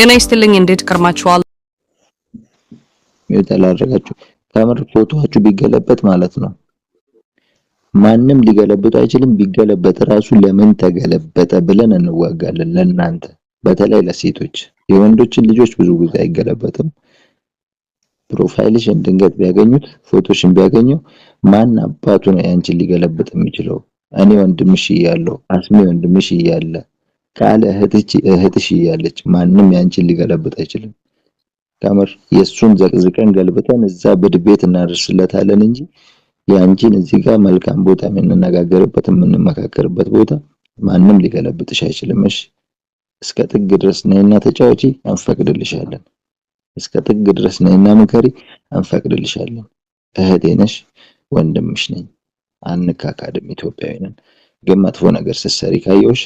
ጤና ይስጥልኝ። እንዴት ከርማችኋል? የተላረጋችሁ ከምር ፎቶዋችሁ ቢገለበጥ ማለት ነው ማንም ሊገለብጡ አይችልም። ቢገለበጥ ራሱ ለምን ተገለበጠ ብለን እንዋጋለን። ለእናንተ በተለይ ለሴቶች የወንዶችን ልጆች ብዙ ጊዜ አይገለበጥም። ፕሮፋይልሽን ድንገት ቢያገኙት ፎቶሽን ቢያገኘው ማን አባቱ ነው ያንቺን ሊገለብጥ የሚችለው? እኔ ወንድምሽ እያለሁ አስሜ ወንድምሽ እያለ ካለ እህትሽ እያለች ማንም ያንቺን ሊገለብጥ አይችልም። ከምር የእሱን ዘቅዝቀን ገልብጠን እዛ ብድ ቤት እናደርስለታለን እንጂ የአንቺን እዚህ ጋር መልካም ቦታ የምንነጋገርበት የምንመካከርበት ቦታ ማንም ሊገለብጥሽ አይችልም። እሺ እስከ ጥግ ድረስ ነይና ተጫወቺ፣ አንፈቅድልሻለን። እስከ ጥግ ድረስ ነይና ምከሪ፣ አንፈቅድልሻለን። እህቴ ነሽ፣ ወንድምሽ ነኝ። አንካካድም። ኢትዮጵያዊ ነን። ግን መጥፎ ነገር ስትሰሪ ካየሁሽ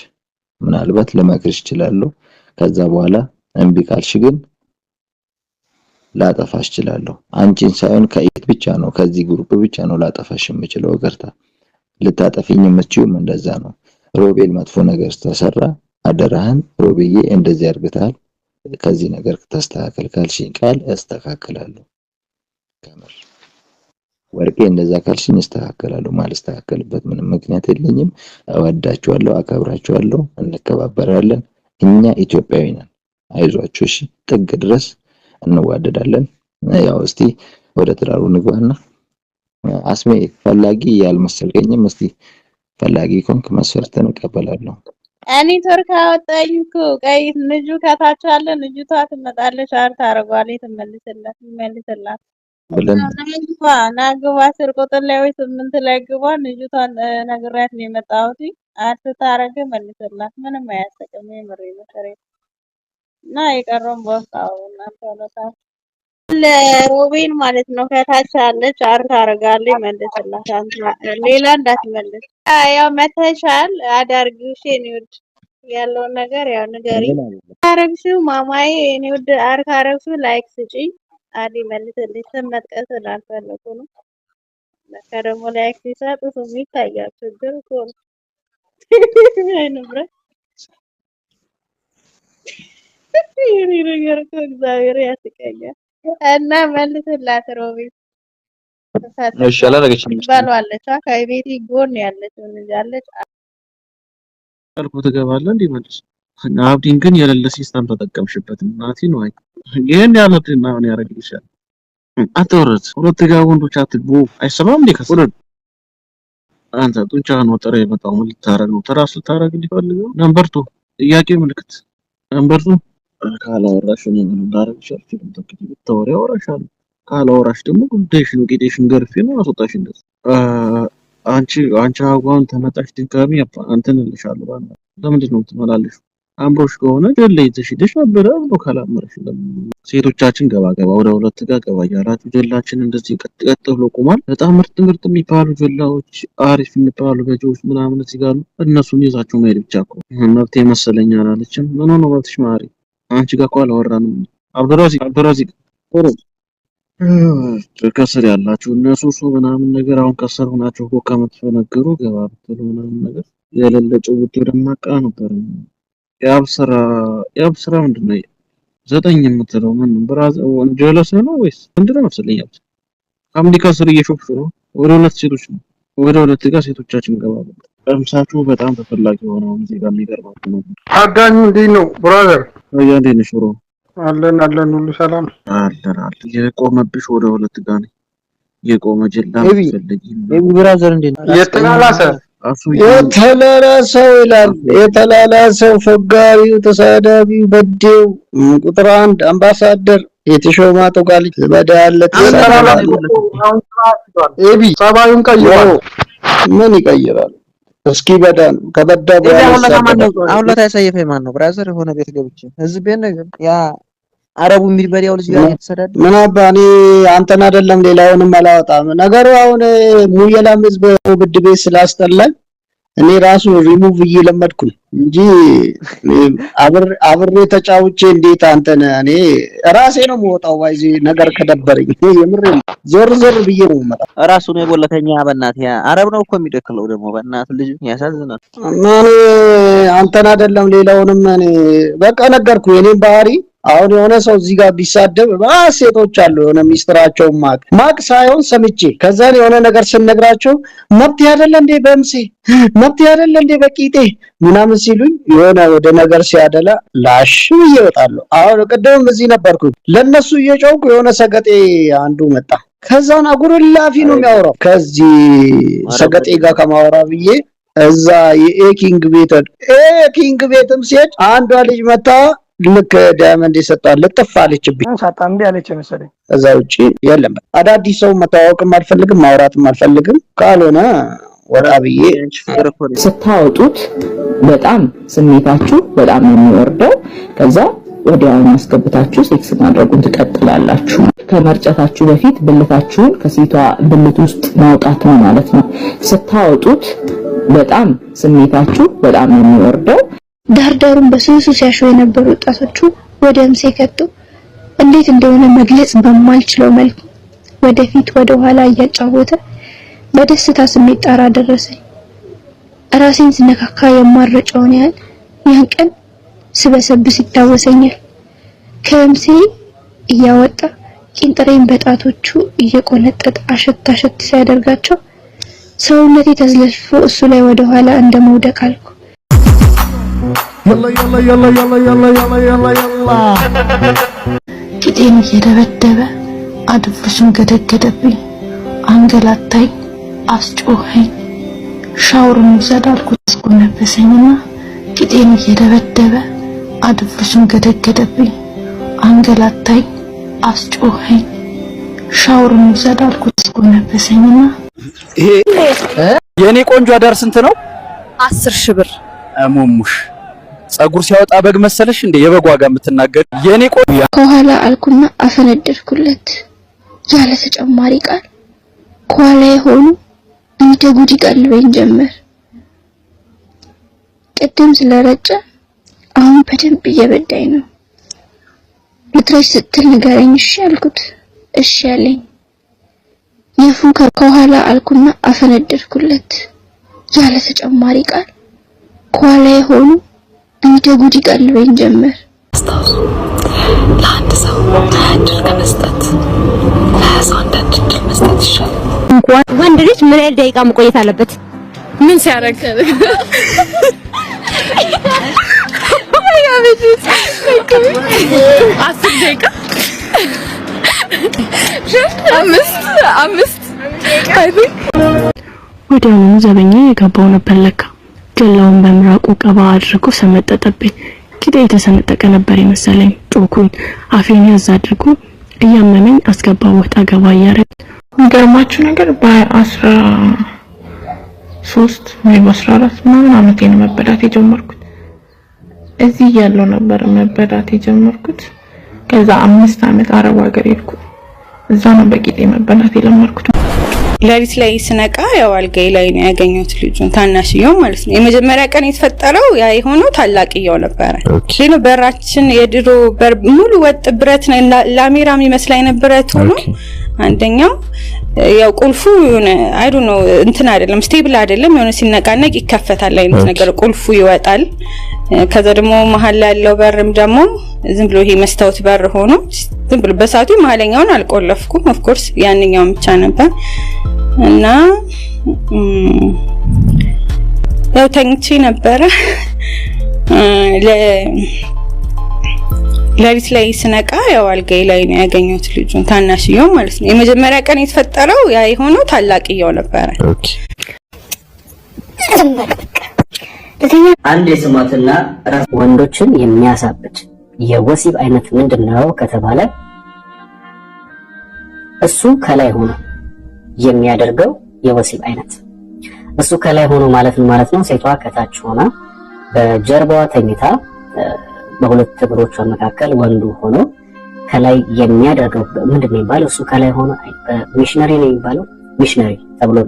ምናልባት ልመክርሽ እችላለሁ። ከዛ በኋላ እምቢ ካልሽ ግን ላጠፋሽ እችላለሁ። አንቺን ሳይሆን ከኢት ብቻ ነው ከዚህ ግሩፕ ብቻ ነው ላጠፋሽ የምችለው። እገርታ ልታጠፊኝ የምትችይውም እንደዛ ነው። ሮቤል መጥፎ ነገር ተሰራ፣ አደራህን ሮቤዬ እንደዚህ አድርግታል፣ ከዚህ ነገር ተስተካከል ካልሽኝ ቃል እስተካከላለሁ ከምር ወርቄ እንደዛ ካልሽኝ እስተካከላለሁ። ማልስተካከልበት ምንም ምክንያት የለኝም። እወዳቸዋለሁ፣ አከብራቸዋለሁ፣ እንከባበራለን። እኛ ኢትዮጵያዊ ነን። አይዟችሁ፣ እሺ፣ ጥግ ድረስ እንዋደዳለን። ያው እስቲ ወደ ትዳሩ ንግባና አስሜ ፈላጊ ያልመሰልከኝም። እስቲ ፈላጊ ኮንክ መስፈርትን እቀበላለሁ። እኔ ቱርክ አወጣኝ እኮ ቀይ ንጁ ከታች አለ። ልጅቷ ትመጣለች፣ አር ታደርጓለች፣ ትመልስላት ብለን ናግባ አስር ቁጥር ላይ ወይ ስምንት ላይ ግባ። ልጅቷን ነግሪያት ነው የመጣሁት። አትታረገ መልስላት። ምንም አያሰቅም። የምሬ ምክሬ እና የቀረውን በውስጥ እናንተነታል ለሮቤን ማለት ነው። ከታች አለች አርታረጋለች። መልስላት። ሌላ እንዳትመልስ። ያው መተሻል አዳርጊሽ የኔ ያለውን ነገር ያው ንገሪ። አረግሽው ማማዬ የኔ ውድ አርካረግሽው ላይክ ስጪ አሊ መልስልኝ። ስም መጥቀስ ስላልፈለጉ ነው። ለካ ደግሞ ላይክ ሲሰጡ ስም ይታያል። ችግር እኮ ነው። አይ ንብረት ነገር እኮ እግዚአብሔር ያስቀኛል። እና መልስላት ሮቢ ከቤቴ ጎን ያለች ያለች አልኩ ትገባለህ እንዲመልስ አብዲን ግን የሌለ ሲስተም ተጠቀምሽበት። እናቲን ወይ ይህን ያለት ናሆን ያደረግልሻል። አትወረድ ሁለት ጋ ወንዶች አትግቡ። አይሰማም እንዴ ከስረድ አንተ ጡንቻህን ወጠረ የመጣው ምን ልታረግ ነው? ተራስ ልታረግ ሊፈልገው ነንበርቱ ጥያቄ ምልክት ነንበርቱ ካላወራሽ ምን እንዳረግ ይችላል። ተከታይ ተወሪ አወራሻለሁ። ካላወራሽ ደግሞ ጉዳይሽን ጌጤሽን ገርፌ ነው አስወጣሽ። እንደዚህ አንቺ አንቺ አጓን ተመጣሽ ድጋሚ አንተን ልሻለሁ። ለምንድን ነው የምትመላለሽው? አምሮሽ ከሆነ ጀሌ ይዘሽ ሄደሽ ነበረ ብሎ ካላመረሽ ሴቶቻችን ገባ ገባ ወደ ሁለት ጋር ገባ እያላችሁ ጀላችን እንደዚህ ቀጥቀጥ ብሎ ቆሟል። በጣም ምርጥ ምርጥ የሚባሉ ጀላዎች አሪፍ የሚባሉ ገጆች ምናምን እዚህ ጋሉ። እነሱን ይዛቸው መሄድ ብቻ እኮ መብት መሰለኝ አላለችም። ምን ሆነ መብትሽ ማሪ፣ አንቺ ጋር እኮ አላወራንም። አብዶራዚ አብዱራዚቅ ከስር ያላችሁ እነሱ ሱ ምናምን ነገር አሁን ከስር ሆናችሁ እኮ ከምትፈነግሩ ገባ ብትሉ ምናምን ነገር የሌለ ጭውት ደማቃ ነበር። የአብ ስራ ምንድን ነው? ዘጠኝ የምትለው ምን ብራዘ ጀለስ ነው ወይስ ምንድን ነው መሰለኝ። ያብ ከአሜሪካ ስር እየሾፍሹ ነው። ወደ ሁለት ሴቶች ነው ወደ ሁለት ጋር ሴቶቻችን ገባሉ። ቀምሳችሁ በጣም ተፈላጊ የሆነው እዚህ ጋር የሚገርማችሁ ነው። አዳኙ እንዴት ነው ብራዘር? ያ እንዴት ነሽ ብሮ? አለን አለን፣ ሁሉ ሰላም አለን አለ የቆመብሽ ወደ ሁለት ጋር ነው የቆመ ጀላ ፈልጊ ብራዘር እንዴት ነው የጠላላ ሰር የተላላሰው ይላል። የተላላሰው ፈጋሪው፣ ተሳዳቢው፣ በዴው ቁጥር አንድ አምባሳደር የተሾማ ጦቃል በዳለት ኤቢ ቀይሮ ምን ይቀይራል? እስኪ በዳ ነው ከበዳ በኋላ አሁን ለታ ያሳየፈኝ ማን ነው? ብራዘር የሆነ ቤት ገብቼ ህዝብ ቤት ነገር ያ አረቡ የሚል በሪያው ልጅ ጋር የተሰዳደ ምን አባ እኔ አንተን አይደለም ሌላውንም አላወጣም። ነገሩ አሁን ሙየላም ህዝብ ብድ ቤት ስላስጠላኝ እኔ ራሱ ሪሙቭ እየለመድኩ ነው እንጂ አብሬ ተጫውቼ እንዴት አንተን እኔ ራሴ ነው የምወጣው። ባይዚ ነገር ከደበረኝ የምር ዞር ዞር ብዬ ነው የምመጣው። ራሱ ነው የቦለተኛ። በእናትህ አረብ ነው እኮ የሚደክለው ደግሞ በእናትህ ልጅ ያሳዝናል። እና እኔ አንተን አይደለም ሌላውንም እኔ በቃ ነገርኩ የኔን ባህሪ አሁን የሆነ ሰው እዚህ ጋር ቢሳደብ ሴቶች አሉ የሆነ ሚስጥራቸው ማቅ ማቅ ሳይሆን ሰምቼ ከዛን የሆነ ነገር ስነግራቸው መብት ያደለ እንዴ በምሴ መብት ያደለ እንዴ በቂጤ ምናምን ሲሉኝ የሆነ ወደ ነገር ሲያደላ ላሽ ብዬ እወጣለሁ። አሁን ቅድምም እዚህ ነበርኩኝ ለእነሱ እየጮኩ የሆነ ሰገጤ አንዱ መጣ። ከዛን አጉርላፊ ነው የሚያወራው ከዚህ ሰገጤ ጋር ከማወራ ብዬ እዛ የኤኪንግ ቤት ኤኪንግ ቤትም ሴት አንዷ ልጅ መታ ልክ ዳያመንድ የሰጠዋት ልጥፍ አለችብኝ ሳጣምቢ አለች መሰለኝ። እዛ ውጭ የለም። አዳዲስ ሰው መተዋወቅም አልፈልግም፣ ማውራትም አልፈልግም። ካልሆነ ወራ ብዬ ስታወጡት በጣም ስሜታችሁ በጣም የሚወርደው ከዛ ወዲያውኑ አስገብታችሁ ሴክስ ማድረጉን ትቀጥላላችሁ። ከመርጨታችሁ በፊት ብልታችሁን ከሴቷ ብልት ውስጥ ማውጣት ነው ማለት ነው። ስታወጡት በጣም ስሜታችሁ በጣም የሚወርደው ዳርዳሩን በስሱ ሲያሹ የነበሩ ወጣቶቹ ወደ እምሴ ከቱ። እንዴት እንደሆነ መግለጽ በማልችለው መልኩ ወደፊት ወደ ኋላ እያጫወተ በደስታ ስሜት ጣራ ደረሰኝ። ራሴን ስነካካ የማረጨውን ያህል ያን ቀን ስበሰብስ ይታወሰኛል። ከእምሴ እያወጣ ቂንጥሬን በጣቶቹ እየቆነጠጠ አሸት አሸት ሲያደርጋቸው ሰውነቴ ተዝለፍፎ እሱ ላይ ወደ ኋላ እንደመውደቅ አልኩ። ያላ ያላ ያላ ያላ ያላ ያላ ያላ ያላ ቂጤን እየደበደበ አድፍሱን ገደገደብኝ፣ አንገላታኝ፣ አስጮኸኝ። ሻወር እንውሰድ አልኩት እስጎነበሰኝና ቂጤን እየደበደበ አድፍሱን ገደገደብኝ፣ አንገላታኝ፣ አስጮኸኝ። ሻወር እንውሰድ አልኩት እስጎነበሰኝና ይሄ የኔ ቆንጆ አዳር ስንት ነው? አስር ሺህ ብር እሙሙሽ ጸጉር ሲያወጣ በግ መሰለሽ እንዴ? የበግ ዋጋ የምትናገር የኔ ቆ ከኋላ አልኩና አፈነደድኩለት። ያለ ተጨማሪ ቃል ከኋላ የሆኑ እንደ ጉድ ቀልበኝ ጀመር። ቅድም ስለረጨ አሁን በደንብ እየበዳኝ ነው። ልትረጭ ስትል ንገረኝ እሺ አልኩት። እሺ አለኝ። የፉን ከኋላ አልኩና አፈነደድኩለት። ያለ ተጨማሪ ቃል ከኋላ የሆኑ እንደ ጉድ ይቀልበኝ ጀመር። ለአንድ ሰው እድል ከመስጠት ለሀያ አንዳንድ እድል መስጠት ይሻላል። እንኳን ወንድ ልጅ ምን ያህል ደቂቃ መቆየት አለበት? ምን ሲያደርግ አስር ደቂቃ አምስት አምስት ወዲያውኑ ዘበኛ የገባው ነበር ለካ ጀላውን በምራቁ ቀባ አድርጎ ሰመጠጠብኝ። ቂጤ የተሰነጠቀ ነበር የመሰለኝ። ጮኩኝ። አፌን ያዝ አድርጎ እያመመኝ አስገባ ወጣ ገባ እያደረግ የሚገርማችሁ ነገር በአስራ ሶስት ወይም አስራ አራት ምናምን አመቴ ነው መበዳት የጀመርኩት። እዚህ እያለሁ ነበር መበዳት የጀመርኩት። ከዛ አምስት አመት አረብ ሀገር ሄድኩ። እዛ ነው በቂጤ መበዳት የለመርኩት። ለሊት ላይ ስነቃ ያው አልጋዬ ላይ ነው ያገኘሁት ልጁን ታናሽየው ማለት ነው። የመጀመሪያ ቀን የተፈጠረው ያ የሆነው ታላቅየው ነበረ። ሌሎ በራችን የድሮ በር ሙሉ ወጥ ብረት ላሜራ የሚመስላኝ ብረት ሆኖ አንደኛው ያው ቁልፉ የሆነ አይ ዶንት ኖ እንትን አይደለም ስቴብል አይደለም። የሆነ ሲነቃነቅ ይከፈታል አይነት ነገር ቁልፉ ይወጣል። ከዛ ደግሞ መሀል ያለው በርም ደግሞ ዝም ብሎ ይሄ መስታወት በር ሆኖ ዝም ብሎ በሳቱ መሀለኛውን አልቆለፍኩም። ኦፍኮርስ ያንኛውን ብቻ ነበር እና ያው ተኝቼ ነበረ። ለሊት ላይ ስነቃ ያው አልጋዬ ላይ ነው ያገኘሁት ልጁን ታናሽየው ማለት ነው። የመጀመሪያ ቀን የተፈጠረው ያ የሆነው ታላቅየው ነበረ። አንድ የስማትና ወንዶችን የሚያሳብጭ የወሲብ አይነት ምንድን ነው ከተባለ እሱ ከላይ ሆኖ የሚያደርገው የወሲብ አይነት። እሱ ከላይ ሆኖ ማለት ምን ማለት ነው? ሴቷ ከታች ሆና በጀርባዋ ተኝታ በሁለት እግሮቿ መካከል ወንዱ ሆኖ ከላይ የሚያደርገው ምንድን ነው የሚባለው? እሱ ከላይ ሆኖ ሚሽነሪ ነው የሚባለው። ሚሽነሪ ተብሎ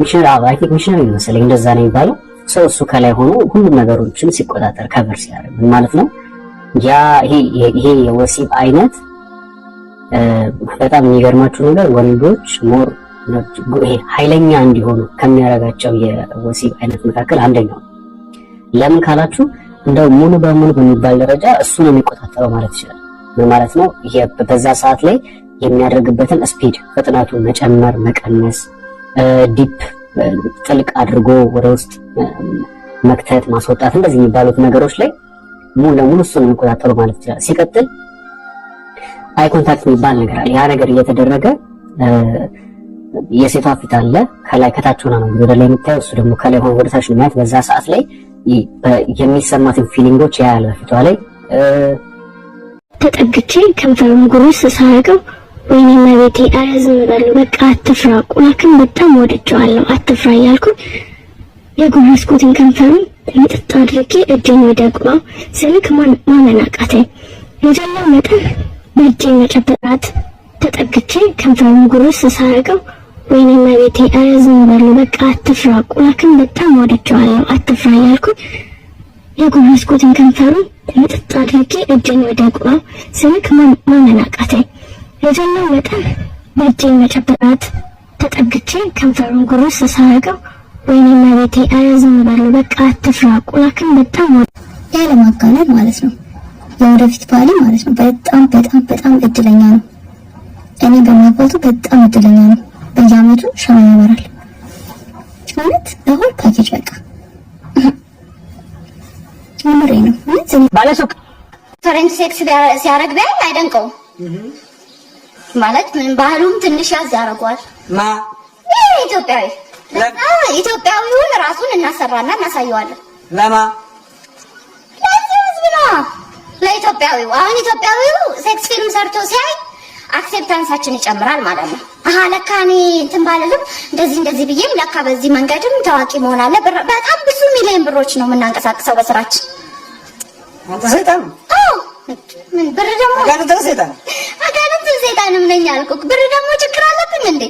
ሚሽነሪ አይ ሚሽነሪ ነው መሰለኝ እንደዛ ነው የሚባለው ሰው እሱ ከላይ ሆኖ ሁሉም ነገሮችን ሲቆጣጠር ከበር ሲያደርግ ምን ማለት ነው? ያ ይሄ የወሲብ አይነት በጣም የሚገርማችሁ ነገር ወንዶች ሞር ኃይለኛ እንዲሆኑ ከሚያደርጋቸው የወሲብ አይነት መካከል አንደኛው። ለምን ካላችሁ እንደው ሙሉ በሙሉ በሚባል ደረጃ እሱ ነው የሚቆጣጠረው ማለት ይችላል። ምን ማለት ነው? በዛ ሰዓት ላይ የሚያደርግበትን ስፒድ ፍጥነቱ መጨመር፣ መቀነስ ዲፕ ጥልቅ አድርጎ ወደ ውስጥ መክተት፣ ማስወጣት እንደዚህ የሚባሉት ነገሮች ላይ ሙሉ ለሙሉ እሱን የሚቆጣጠሩ ማለት ይችላል። ሲቀጥል አይ ኮንታክት የሚባል ነገር አለ። ያ ነገር እየተደረገ የሴቷ ፊት አለ ከላይ ከታች ሆና ነው ወደ ላይ የምታየው፣ እሱ ደግሞ ከላይ ሆኖ ወደ ታች ነው የሚያየት። በዛ ሰዓት ላይ የሚሰማትን ፊሊንጎች ያያል በፊቷ ላይ ተጠግቼ ከንፈሩን ጉሩስ ሳያገው ወይኔ መቤቴ፣ ኧረ ዝም በሉ በቃ አትፍራ። ቁላክን በጣም ወድጀዋለሁ፣ አትፍራ እያልኩ የጎረስኩትን ከንፈሩ ምጥጥ አድርጌ እጄን ወደ ቁላው ስልክ ማመን አቃተኝ። የጀላው መጠን በእጄ መጨበጣት ተጠግቼ ከንፈሩን ጉርስ ሳረገው፣ ወይኔ መቤቴ፣ ኧረ ዝም በሉ በቃ አትፍራ። ቁላክን በጣም ወድጀዋለሁ፣ አትፍራ እያልኩ የጎረስኩትን ከንፈሩ ምጥጥ አድርጌ እጄን ወደ ቁላው ስልክ ማመን አቃተኝ። የዘለው መጠን በእጄ መጨበጣት ተጠግቼ ከንፈሩን ጉርስ ሳረገው ወይኔ መቤቴ አያዝም ባለው በቃ አትፍራ ቁላክን በጣም ወ ያለማጋነን ማለት ነው። የወደፊት ባሌ ማለት ነው። በጣም በጣም በጣም እድለኛ ነው። እኔ በማግባቱ በጣም እድለኛ ነው። በየአመቱ ሸማ ያበራል። ማለት በሆል ፓኬጅ በቃ ምሬ ነው። ባለሱቅ ቶሬንት ሴክስ ሲያረግ ቢያል አይደንቀው ማለት ምን ባህሉም ትንሽ ያዝ ያደርገዋል። ማ ይሄ ኢትዮጵያዊ ኢትዮጵያዊውን ራሱን እናሰራና እናሳየዋለን። ለማ ለዚህ ህዝብ ነው ለኢትዮጵያዊው። አሁን ኢትዮጵያዊው ሴክስ ፊልም ሰርቶ ሲያይ አክሴፕታንሳችን ይጨምራል ማለት ነው። አሃ ለካ እኔ እንትን ባልልም እንደዚህ እንደዚህ ብዬም ለካ በዚህ መንገድም ታዋቂ መሆን አለ። በጣም ብዙ ሚሊዮን ብሮች ነው የምናንቀሳቅሰው በስራችን በጣም ምን ብር ደግሞ አጋንንት ሰይጣን አጋንንት ሰይጣንም ነኝ አልኩ። ብር ደግሞ ችግር አለብን እንዴ?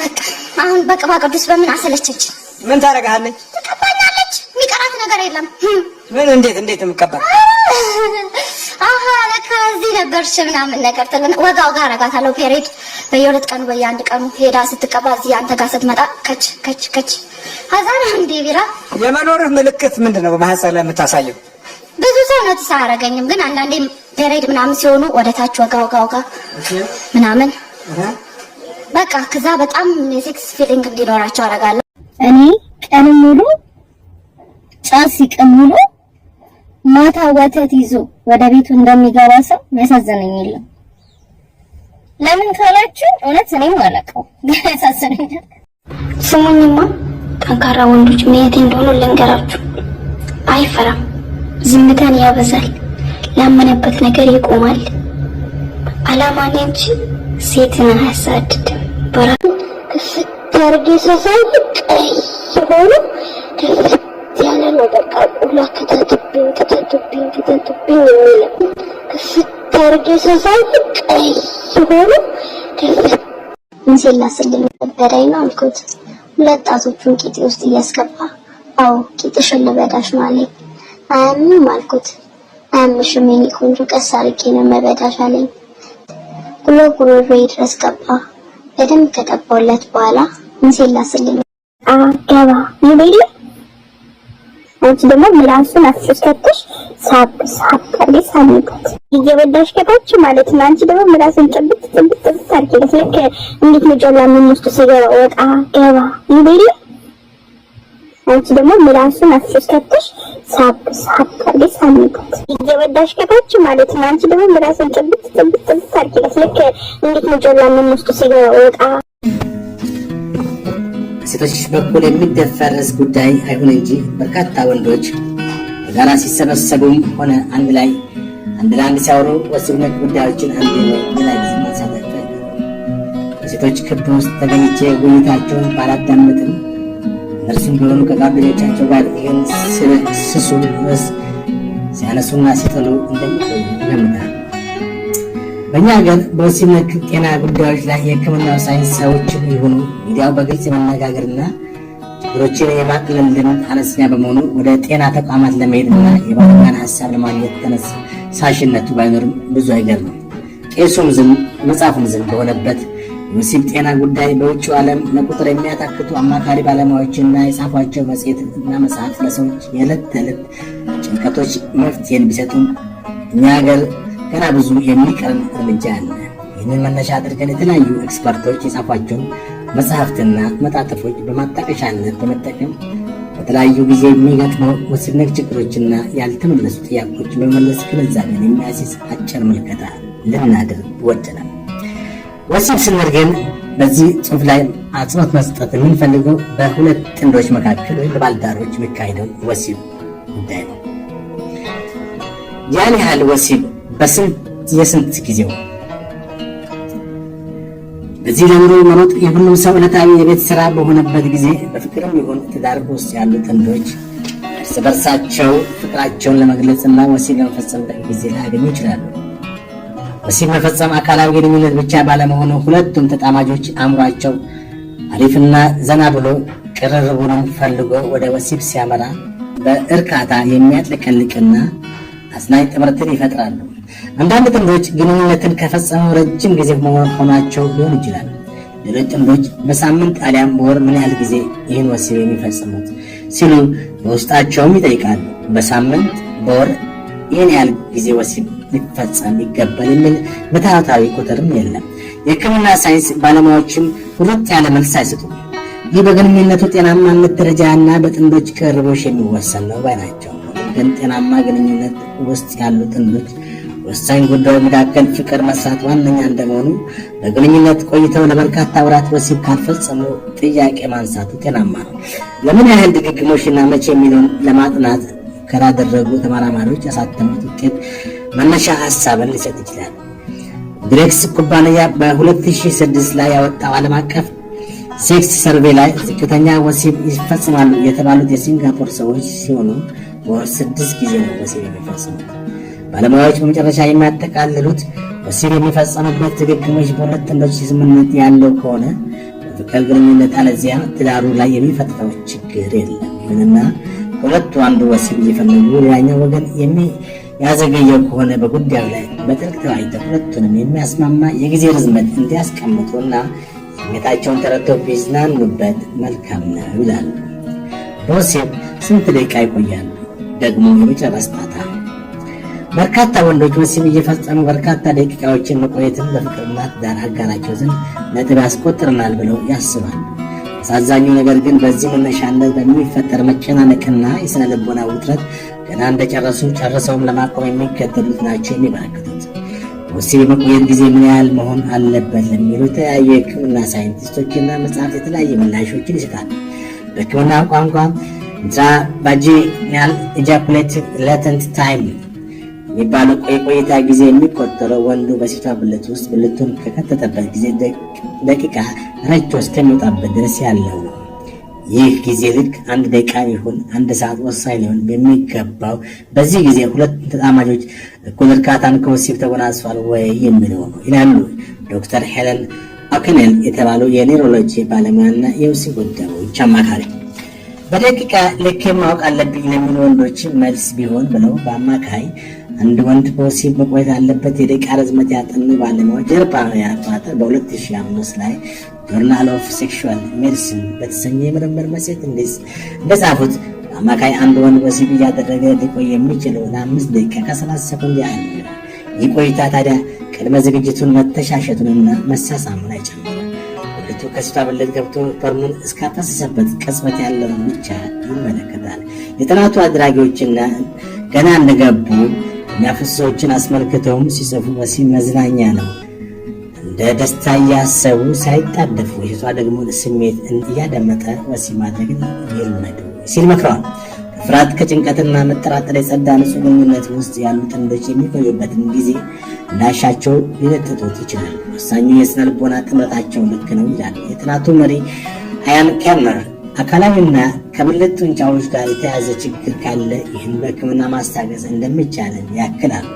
በቃ አሁን በቅባ ቅዱስ በምን አሰለቸች። ምን ታደርጋለች? ትቀባኛለች። የሚቀራት ነገር የለም። ምን እንዴት እንዴት የምቀባ አሃ ለካ እዚህ ነበርሽ ምናምን ነገር ትልና ወጋው ጋር አረጋታለሁ። ፔሬድ በየሁለት ቀኑ በየአንድ ቀኑ ሄዳ ስትቀባ እዚህ አንተ ጋር ስትመጣ ከች ከች ከች አዛና እንዴ ቢራ የመኖርህ ምልክት ምንድን ነው? በማህፀን ላይ የምታሳየው ብዙ ሰው ነው አያረገኝም፣ ግን አንዳንዴ ፔሬድ ምናምን ሲሆኑ ወደ ታች ወጋ ወጋ ወጋ ምናምን በቃ ከዛ በጣም የሴክስ ፊሊንግ እንዲኖራቸው አደርጋለሁ። እኔ ቀን ሙሉ ጫስ ሲቅም ሙሉ ማታ ወተት ይዞ ወደ ቤቱ እንደሚገባ ሰው ያሳዘነኝ የለም። ለምን ካላችሁ እውነት እኔም አላውቀውም፣ ግን ያሳዘነኛል። ስሙኝማ ጠንካራ ወንዶች ምን እንደሆኑ ልንገራችሁ፣ አይፈራም ዝምታን ያበዛል፣ ላመነበት ነገር ይቆማል። አላማን እንጂ ሴትን አያሳድድም። በራሱ ክፍት ያርጌ ሳሳይ ቀይ ሆኖ ያለ ነው። በቃ ቁላ ክተትብኝ ክተትብኝ ክተትብኝ የሚል ክፍት ያርጌ ሳሳይ ቀይ ሆኖ ክፍት ምስል በዳይ ነው አልኩት። ሁለት ጣቶቹን ቂጤ ውስጥ እያስገባ አዎ ቂጥሽን ልበዳሽ ማለት አያምም አልኩት። አያምሽም የኔ ቆንጆ፣ ቀስ አርቄ ነው መበዳሽ አለኝ። ጉሎ ጉሮሮዬ ድረስ ገባ። በደንብ ከጠባሁለት በኋላ ምሴን ላስልኝ አገባ ይበል። አንቺ ደግሞ ምላሱን አስከተሽ ሳብ ሳብ ታለ ሳሚበት እየበዳሽ ከታች ማለት ነው። አንቺ ደግሞ ምላሱን ጥብት ጥብት ጭብጥ አድርጊለት። ልክ እንዴት ነው ጮላ ምን ውስጥ ሲገባ ወጣ ገባ ይበል አንቺ ደግሞ ምላሱን አፍሽ ሳብ ሳብ አድርገሽ ሳምንት እየወዳሽ ከታች ማለት ነው። አንቺ ደግሞ ምላሱን ጭብጥ ጭብጥ ጭብጥ አድርገሽ ልክ እንዴት ነው ጆላ ምን ውስጥ ሲወጣ ሴቶች በኩል የሚደፈረስ ጉዳይ አይሁን እንጂ በርካታ ወንዶች በጋራ ሲሰበሰቡም ሆነ አንድ ላይ አንድ ለአንድ ሲያወሩ ወሲብነት ጉዳዮችን አንድ ላይ ማንሳት ሴቶች ክብ ውስጥ ተገኝቼ ውይይታቸውን ባላዳምጥም እርሱም ቢሆኑ ከጓደኞቻቸው ጋር ይህን ስሱ ድረስ ሲያነሱና ሲጥሉ እንደሚቆዩ ይለምዳል። በእኛ ሀገር በወሲብ ነክ ጤና ጉዳዮች ላይ የሕክምናው ሳይንስ ሰዎች የሆኑ ሚዲያው በግልጽ የመነጋገርና ችግሮችን የማቅለል ልምድ አነስተኛ በመሆኑ ወደ ጤና ተቋማት ለመሄድና የባለሙያን ሀሳብ ለማግኘት ተነሳሽነቱ ባይኖርም ብዙ አይገርምም። ቄሱም ዝም መጽሐፉም ዝም በሆነበት የወሲብ ጤና ጉዳይ በውጭ ዓለም ለቁጥር የሚያታክቱ አማካሪ ባለሙያዎችና የጻፏቸው እና መጽሐፍ ለሰዎች የዕለት ተዕለት ጭንቀቶች መፍትሄን ቢሰጡም እኛ ሀገር ገና ብዙ የሚቀርም እርምጃ አለ። ይህንን መነሻ አድርገን የተለያዩ ኤክስፐርቶች የጻፏቸውን መጽሐፍትና መጣጥፎች በማጣቀሻነት በመጠቀም በተለያዩ ጊዜ የሚገጥመው ወሲብ ነክ ችግሮችና ያልተመለሱ ጥያቄዎች በመመለስ ግንዛቤን የሚያሲዝ አጭር ምልከታ ልናደርግ ወደናል። ወሲብ ስንል ግን በዚህ ጽሁፍ ላይ አጽንኦት መስጠት የምንፈልገው በሁለት ጥንዶች መካከል ወይም በባልዳሮች የሚካሄደው ወሲብ ጉዳይ ነው። ያን ያህል ወሲብ በስንት የስንት ጊዜው በዚህ ለምሮ መሮጥ የሁሉም ሰው ዕለታዊ የቤት ስራ በሆነበት ጊዜ በፍቅርም ይሁን ትዳር ውስጥ ያሉ ጥንዶች እርስ በርሳቸው ፍቅራቸውን ለመግለጽና ወሲብ ለመፈጸምበት ጊዜ ላያገኙ ይችላሉ። ወሲብ መፈጸም አካላዊ ግንኙነት ብቻ ባለመሆኑ ሁለቱም ተጣማጆች አእምሯቸው አሪፍና ዘና ብሎ ቅርርቡንም ፈልጎ ወደ ወሲብ ሲያመራ በእርካታ የሚያጥለቀልቅና አዝናኝ ጥምረትን ይፈጥራሉ። አንዳንድ ጥንዶች ግንኙነትን ከፈጸሙ ረጅም ጊዜ ሆናቸው ሊሆን ይችላል። ሌሎች ጥንዶች በሳምንት አሊያም በወር ምን ያህል ጊዜ ይህን ወሲብ የሚፈጽሙት ሲሉ በውስጣቸውም ይጠይቃሉ። በሳምንት በወር ይህን ያህል ጊዜ ወሲብ ሊፈጸም ይገባል የሚል ምትሃታዊ ቁጥርም የለም። የህክምና ሳይንስ ባለሙያዎችም ሁለት ያለ መልስ አይሰጡም። ይህ በግንኙነቱ ጤናማነት ደረጃ እና በጥንዶች ቅርቦች የሚወሰን ነው ባይ ናቸው። ግን ጤናማ ግንኙነት ውስጥ ያሉ ጥንዶች ወሳኝ ጉዳዩ መካከል ፍቅር መስራት ዋነኛ እንደመሆኑ በግንኙነት ቆይተው ለበርካታ ወራት ወሲብ ካልፈጸሙ ጥያቄ ማንሳቱ ጤናማ ነው። ለምን ያህል ድግግሞሽና መቼ የሚለውን ለማጥናት ከላደረጉ ተመራማሪዎች ያሳተሙት ውጤት መነሻ ሀሳብን ሊሰጥ ይችላል። ግሬክስ ኩባንያ በ2006 ላይ ያወጣው ዓለም አቀፍ ሴክስ ሰርቬ ላይ ዝቅተኛ ወሲብ ይፈጽማሉ የተባሉት የሲንጋፖር ሰዎች ሲሆኑ በወር ስድስት ጊዜ ነው ወሲብ የሚፈጽሙት። ባለሙያዎች በመጨረሻ የሚያጠቃልሉት ወሲብ የሚፈጸሙበት ትግግሞች በሁለት ጥንዶች ስምምነት ያለው ከሆነ በፍቅር ግንኙነት አለዚያ ትዳሩ ላይ የሚፈጥረው ችግር የለም። ይሁንና ሁለቱ አንዱ ወሲብ እየፈለጉ ሌላኛው ወገን የሚ ያዘገየው ከሆነ በጉዳዩ ላይ በጥልቅ ተወያይተው ሁለቱንም የሚያስማማ የጊዜ ርዝመት እንዲያስቀምጡና ስሜታቸውን ተረድተው ቢዝናኑበት መልካም ነው ይላሉ። በወሲብ ስንት ደቂቃ ይቆያሉ? ደግሞ የመጨረስ ጣታ በርካታ ወንዶች ወሲብ እየፈጸሙ በርካታ ደቂቃዎችን መቆየትን በፍቅርና ትዳር አጋራቸው ዘንድ ነጥብ ያስቆጥርናል ብለው ያስባሉ። አሳዛኙ ነገር ግን በዚህ መነሻነት በሚፈጠር መጨናነቅና የስነ ልቦና ውጥረት ገና እንደጨረሱ ጨርሰውም ለማቆም የሚገደሉት ናቸው የሚመለከቱት። ውስን የመቆየት ጊዜ ምን ያህል መሆን አለበት ለሚሉ የተለያዩ የሕክምና ሳይንቲስቶችና መጽሐፍት የተለያየ ምላሾችን ይሰጣል። በሕክምና ቋንቋ ኢንትራቫጂናል ኢጃኩሌቲቭ ላተንት ታይም የሚባለው የቆይታ ጊዜ የሚቆጠረው ወንዱ በሴቷ ብልት ውስጥ ብልቱን ከከተተበት ጊዜ ደቂቃ ረጅቶ እስከሚወጣበት ድረስ ያለው ነው። ይህ ጊዜ ልክ አንድ ደቂቃ ይሁን አንድ ሰዓት ወሳኝ ሊሆን በሚገባው በዚህ ጊዜ ሁለት ተጣማጆች እኩል እርካታን ከወሲብ ተጎናጽፏል ወይ የሚለው ነው ይላሉ ዶክተር ሄለን አክኔል የተባሉ የኒውሮሎጂ ባለሙያና የውስጥ ጉዳዮች አማካሪ። በደቂቃ ልክ ማወቅ አለብኝ ለሚሉ ወንዶች መልስ ቢሆን ብለው በአማካይ አንድ ወንድ በወሲብ መቆየት አለበት የደቂቃ ርዝመት ያጠኑ ባለሙያ ጀርባ ያቋጠር በ2005 ላይ ጆርናል ኦፍ ሴክሹዋል ሜዲሲን በተሰኘ የምርምር መጽሔት እንደጻፉት አማካይ አንድ ወንድ ወሲብ እያደረገ ሊቆይ የሚችለው ለአምስት ደቂቃ ከሰላሳ ሰኮንድ ያህል ነው። ይህ ቆይታ ታዲያ ቅድመ ዝግጅቱን መተሻሸቱንና መሳሳሙን አይጨምርም። ወንድቱ ከሴቷ ብልት ገብቶ ፈርሙን እስካታሰሰበት ቅጽበት ያለውን ብቻ ይመለከታል። የጥናቱ አድራጊዎችና ገና እንደገቡ የሚያፈሱ ሰዎችን አስመልክተውም ሲጽፉ ወሲብ መዝናኛ ነው ለደስታ እያሰቡ ሳይጣደፉ የሷ ደግሞ ስሜት እያደመጠ ወሲ ማድረግን ይልመዱ ሲል መክረዋል። ፍርሃት ከጭንቀትና መጠራጠር የጸዳ ንጹህ ግንኙነት ውስጥ ያሉ ጥንዶች የሚቆዩበትን ጊዜ እንዳሻቸው ሊለጥጡት ይችላል። ወሳኙ የስነልቦና ጥምረታቸው ልክ ነው ይላል የጥናቱ መሪ አያን ኬርነር። አካላዊና ከብልት ጡንቻዎች ጋር የተያዘ ችግር ካለ ይህን በሕክምና ማስታገስ እንደሚቻለን ያክላል።